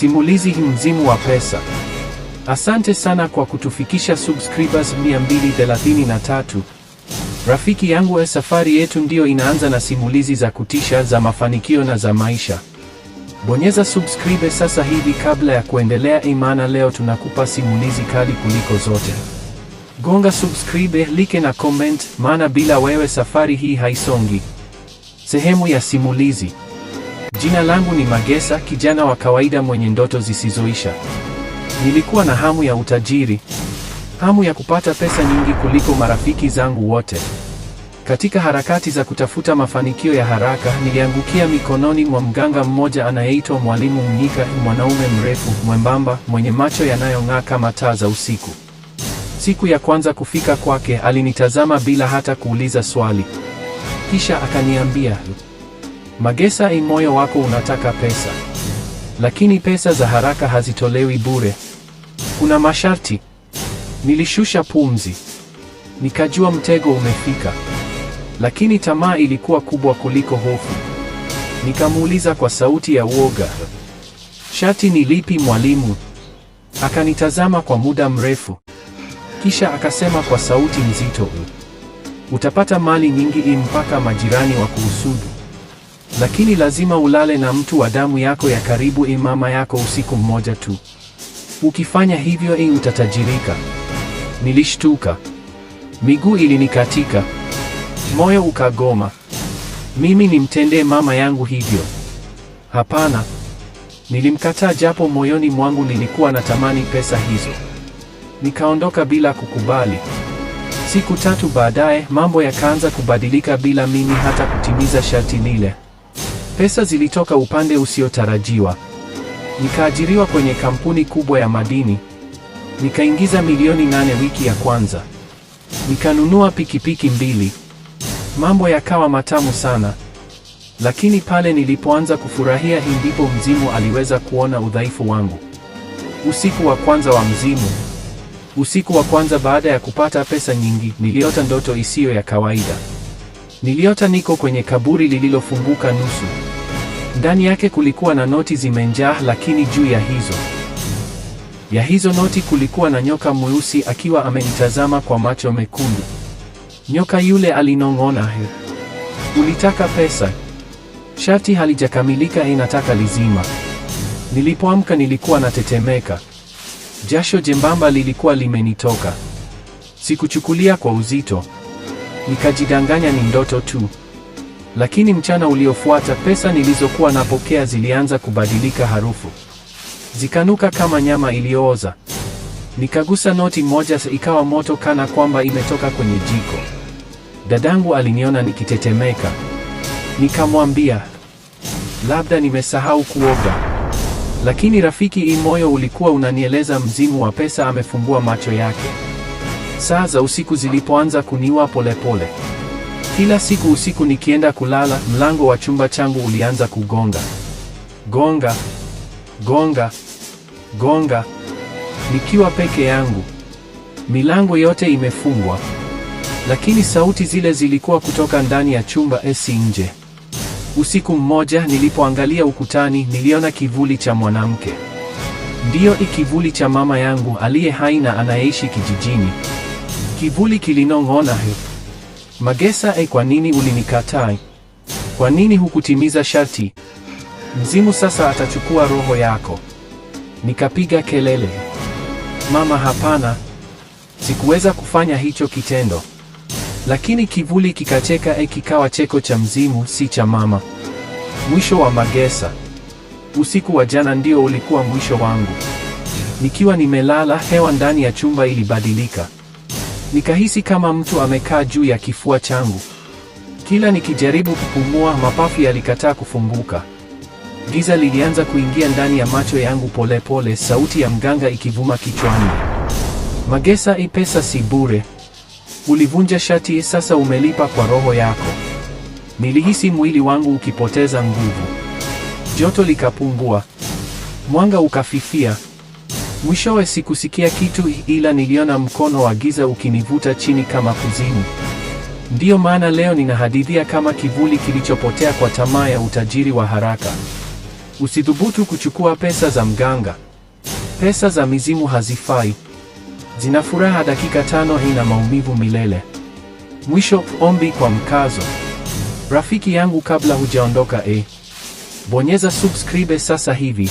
Simulizi mzimu wa pesa. Asante sana kwa kutufikisha subscribers 233. Rafiki yangu, safari yetu ndiyo inaanza na simulizi za kutisha za mafanikio na za maisha. Bonyeza subscribe sasa hivi kabla ya kuendelea, imana leo tunakupa simulizi kali kuliko zote. Gonga subscribe, like na comment, maana bila wewe safari hii haisongi. Sehemu ya simulizi. Jina langu ni Magesa, kijana wa kawaida mwenye ndoto zisizoisha. Nilikuwa na hamu ya utajiri, hamu ya kupata pesa nyingi kuliko marafiki zangu wote. Katika harakati za kutafuta mafanikio ya haraka, niliangukia mikononi mwa mganga mmoja anayeitwa Mwalimu Mnyika, mwanaume mrefu, mwembamba, mwenye macho yanayong'aa kama taa za usiku. Siku ya kwanza kufika kwake, alinitazama bila hata kuuliza swali. Kisha akaniambia, Magesa, i moyo wako unataka pesa, lakini pesa za haraka hazitolewi bure, kuna masharti. Nilishusha pumzi, nikajua mtego umefika, lakini tamaa ilikuwa kubwa kuliko hofu. Nikamuuliza kwa sauti ya uoga, sharti ni lipi mwalimu? Akanitazama kwa muda mrefu, kisha akasema kwa sauti nzito, utapata mali nyingi mpaka majirani wa kuhusudu lakini lazima ulale na mtu wa damu yako ya karibu, i e mama yako, usiku mmoja tu. Ukifanya hivyo, i e utatajirika. Nilishtuka, miguu ilinikatika, moyo ukagoma. Mimi nimtendee mama yangu hivyo? Hapana, nilimkataa, japo moyoni mwangu nilikuwa natamani pesa hizo. Nikaondoka bila kukubali. Siku tatu baadaye, mambo yakaanza kubadilika bila mimi hata kutimiza sharti lile. Pesa zilitoka upande usiotarajiwa. Nikaajiriwa kwenye kampuni kubwa ya madini. Nikaingiza milioni nane wiki ya kwanza. Nikanunua pikipiki mbili. Mambo yakawa matamu sana. Lakini pale nilipoanza kufurahia hii ndipo mzimu aliweza kuona udhaifu wangu. Usiku wa kwanza wa mzimu, usiku wa kwanza baada ya kupata pesa nyingi, niliota ndoto isiyo ya kawaida. Niliota niko kwenye kaburi lililofunguka nusu. Ndani yake kulikuwa na noti zimenjaa, lakini juu ya hizo ya hizo noti kulikuwa na nyoka mweusi akiwa amenitazama kwa macho mekundu. Nyoka yule alinong'ona, ulitaka pesa? Sharti halijakamilika, inataka lizima. Nilipoamka nilikuwa natetemeka, jasho jembamba lilikuwa limenitoka. Sikuchukulia kwa uzito nikajidanganya ni ndoto tu. Lakini mchana uliofuata pesa nilizokuwa napokea zilianza kubadilika harufu, zikanuka kama nyama iliyooza. Nikagusa noti moja, ikawa moto kana kwamba imetoka kwenye jiko. Dadangu aliniona nikitetemeka, nikamwambia labda nimesahau kuoga. Lakini rafiki, imoyo moyo ulikuwa unanieleza mzimu wa pesa amefungua macho yake. Saa za usiku zilipoanza kuniwa polepole pole. Kila siku usiku nikienda kulala, mlango wa chumba changu ulianza kugonga. Gonga, gonga, gonga. Nikiwa peke yangu. Milango yote imefungwa. Lakini sauti zile zilikuwa kutoka ndani ya chumba esi nje. Usiku mmoja nilipoangalia ukutani, niliona kivuli cha mwanamke. Ndiyo, ikivuli cha mama yangu aliye hai na anayeishi kijijini. Kivuli kilinong'ona he Magesa, e, kwa nini ulinikatai Kwa nini hukutimiza sharti? Mzimu sasa atachukua roho yako. Nikapiga kelele, mama, hapana, sikuweza kufanya hicho kitendo. Lakini kivuli kikacheka, e, kikawa cheko cha mzimu, si cha mama. Mwisho wa Magesa. Usiku wa jana ndio ulikuwa mwisho wangu. Nikiwa nimelala, hewa ndani ya chumba ilibadilika. Nikahisi kama mtu amekaa juu ya kifua changu. Kila nikijaribu kupumua, mapafu yalikataa kufunguka. Giza lilianza kuingia ndani ya macho yangu polepole pole, sauti ya mganga ikivuma kichwani. Magesa, i pesa si bure. Ulivunja shati, sasa umelipa kwa roho yako. Nilihisi mwili wangu ukipoteza nguvu. Joto likapungua. Mwanga ukafifia. Mwishowe sikusikia kitu, ila niliona mkono wa giza ukinivuta chini kama kuzimu. Ndiyo maana leo ninahadithia kama kivuli kilichopotea kwa tamaa ya utajiri wa haraka. Usithubutu kuchukua pesa za mganga. Pesa za mizimu hazifai. Zina furaha dakika tano, ina maumivu milele. Mwisho, ombi kwa mkazo. Rafiki yangu, kabla hujaondoka eh, bonyeza subscribe sasa hivi.